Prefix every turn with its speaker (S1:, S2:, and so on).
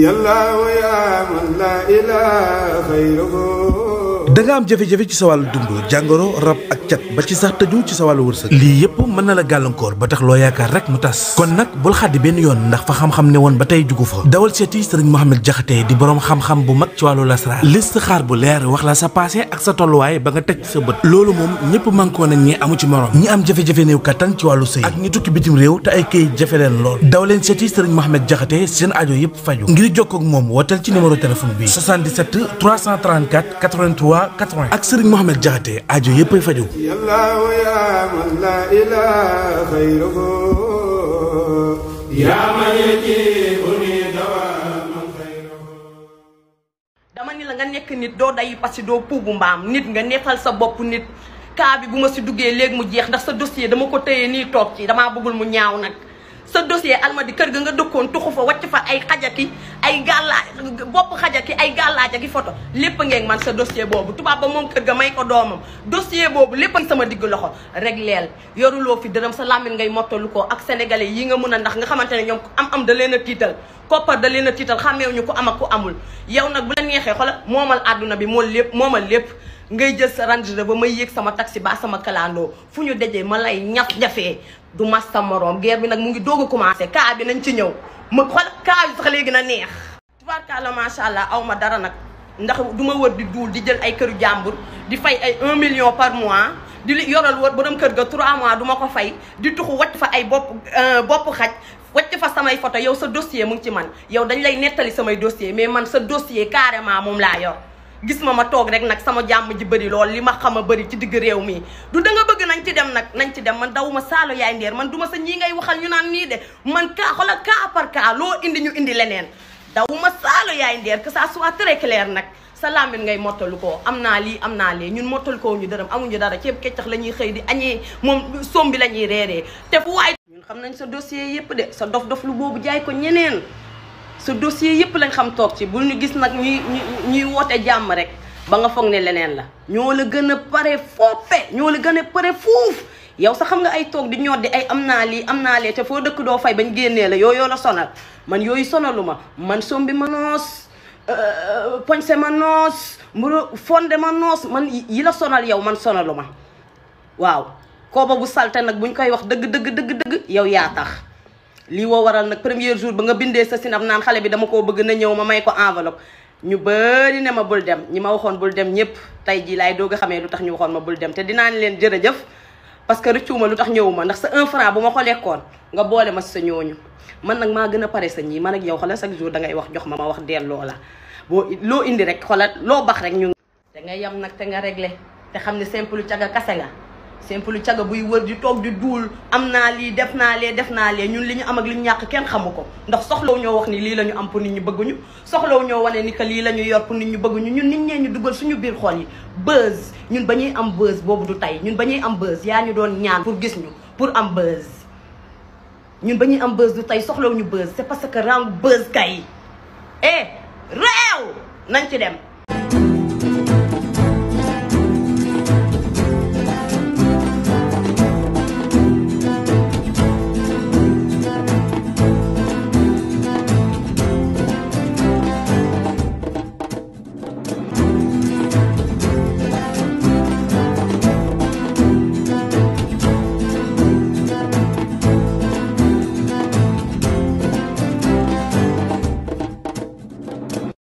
S1: يا الله يا من لا إله غيره
S2: da nga am jafe-jafe ci sa wàllu dund jàngoro rab ak cat ba ci sa tëju ci sa wàllu wërsëg lii yëpp mën na la gàllankoor ba tax loo yaakaar rek mu tas kon nag bul xaddi benn yoon ndax fa xam-xam ne woon ba tey jugu fa dawal seeti sëriñ Mohamed Jaxate di boroom xam-xam bu mag ci wàllu lasraar xaar bu leer wax la sa passé ak sa tolluwaay ba nga teg sa bët loolu moom ñëpp mànkoo nañ ñi amu ci morom ñi am jafe-jafe néew kattan ci wàllu sëy ak ñi tukki bitim réew te ay këyit leen lool daw leen seeti sëriñ Mohamed Jaxate seen aajo yëpp faju ngir jokkoo ak moom wootal ci numéro téléphone bi 77 334 83 80. ak Serigne Mohamed Diakhaté aajo yëpp ay faju
S1: dama ni la nga nekk nit doo day pasi doo puubu mbaam nit nga neexal sa bopp nit kaa bi bu ma si duggee léegi mu jeex ndax sa dossier dama ko téye nii toog ci damaa bëggul mu ñaaw nag sa dossier almadi kër ga nga dëkkoon tuxu fa wàcc fa ay xajaki ay gàllaa bopp xajaki ay gàllaajaki photo lépp ngeen man sa dossier boobu tubaab ba moom kër ga may ko doomam dossier boobu lépp ngi sama digg loxo rek leel yoruloo fi dërëm sa làmmiñ ngay mottalu ko ak sénégalais yi nga mun a ndax nga xamante ne ko am am da leen a tiital koppar da leen a tiital ñu ko am ak ku amul yow nag bu la neexee xoolal moomal àdduna bi moom lépp moomal lépp ngay jël sa Range ba may yéeg sama taxi ba sama kalandoo fu ñu dajee ma lay ñaf ñafee du mas sa morom ger bi nag mu ngi doog a commencé cas bi nañ ci ñëw ma xool cas bi sax léegi na neex tubaarkàlla macha allah aw ma dara nag ndax du ma wër di duul di jël ay kër jàmbur di fay ay 1 million par mois di li yoral wër borom kër ga 3 mois duma ko fay di tuxu wacc fa ay bopp euh, bopp xaj wacc fa samay photo yow sa dossier mu ngi ci man yow dañ lay nettali samay dossier mais man sa dossier carrément moom laa gis ma ma toog rek nag sama jàmm ji bëri lool li ma xam a bëri ci digg réew mi du da bëgg nañ ci dem nag nañ ci dem man daw ma saalo yaay ndeer man duma sa ñii ngay waxal ñu naan nii de man kaa xoola kaa par kaa loo indi ñu indi leneen daw ma saalo yaay ndeer que ça soit très clair nag sa làmmiñ ngay mottalu koo am naa lii am naa lee ñun mottalu koo ñu dërëm amuñu dara ceeb keccax la ñuy xëy di añee moom sombi la ñuy reeree te fu waay ñun xam nañ sa dossier yépp de sa dof dof lu boobu jaay ko ñeneen sa dossier yëpp lañ xam toog ci bul ñu gis nag ñuy ñuy woote jàmm rek ba nga foog ne leneen la ñoo la gën a pare foofe ñoo la gën a pare fuuf yow sax xam nga ay toog di ñoddi ay am naa lii am naa lee te foo dëkk doo fay bañ génnee la yooyu la sonal man yooyu sonalu ma man sombi ma noos euh, euh, poñse ma noos mburu fonde ma noos man yi la sonal yow man sonalu ma waaw kooba bu salte nag buñ koy wax dëgg dëgg dëgg dëgg yow yaa tax lii woo waral nag premier jour ba nga bindee sa sinap naan xale bi dama koo bëgg na ñëw ma may ko enveloppe ñu bëri ne ma bul dem ñi ma waxoon bul dem ñëpp tey jii laay doog a xamee lu tax ñu waxoon ma bul dem te dinaa leen jërëjëf parce que rëccuuma lu tax ñëwuma ndax sa un bu ma ko lekkoon nga boole ma si sa ñooñu man nag maa gën a pare sa ñii man ak yow xoolal chaque jour dangay wax jox ma ma wax delloo la boo loo indi rek xoolal loo bax rek ñu. da ngay yam nag te nga réglé te xam ne simple caga kase nga. simple caga buy wër di toog di duul am naa lii def naa lee def naa lee ñun li ñu am ak li ñu ñàkk kenn xamu ko ndax soxlaw ñoo wax ni lii la am pour nit ñi bëgguñu soxlaw ñoo wane ni que lii la ñu yor pour nit ñi bëgguñu ñun nit ñee ñu dugal suñu biir xol yi buzz ñun ba ñuy am buzz boobu du tey ñun ba ñuy am buzz yaa ñu doon ñaan pour gis ñu pour am buzz ñun ba ñuy am buzz du tey soxlaw ñu buzz c'est parce que rang buzz kay eh réew nañ ci dem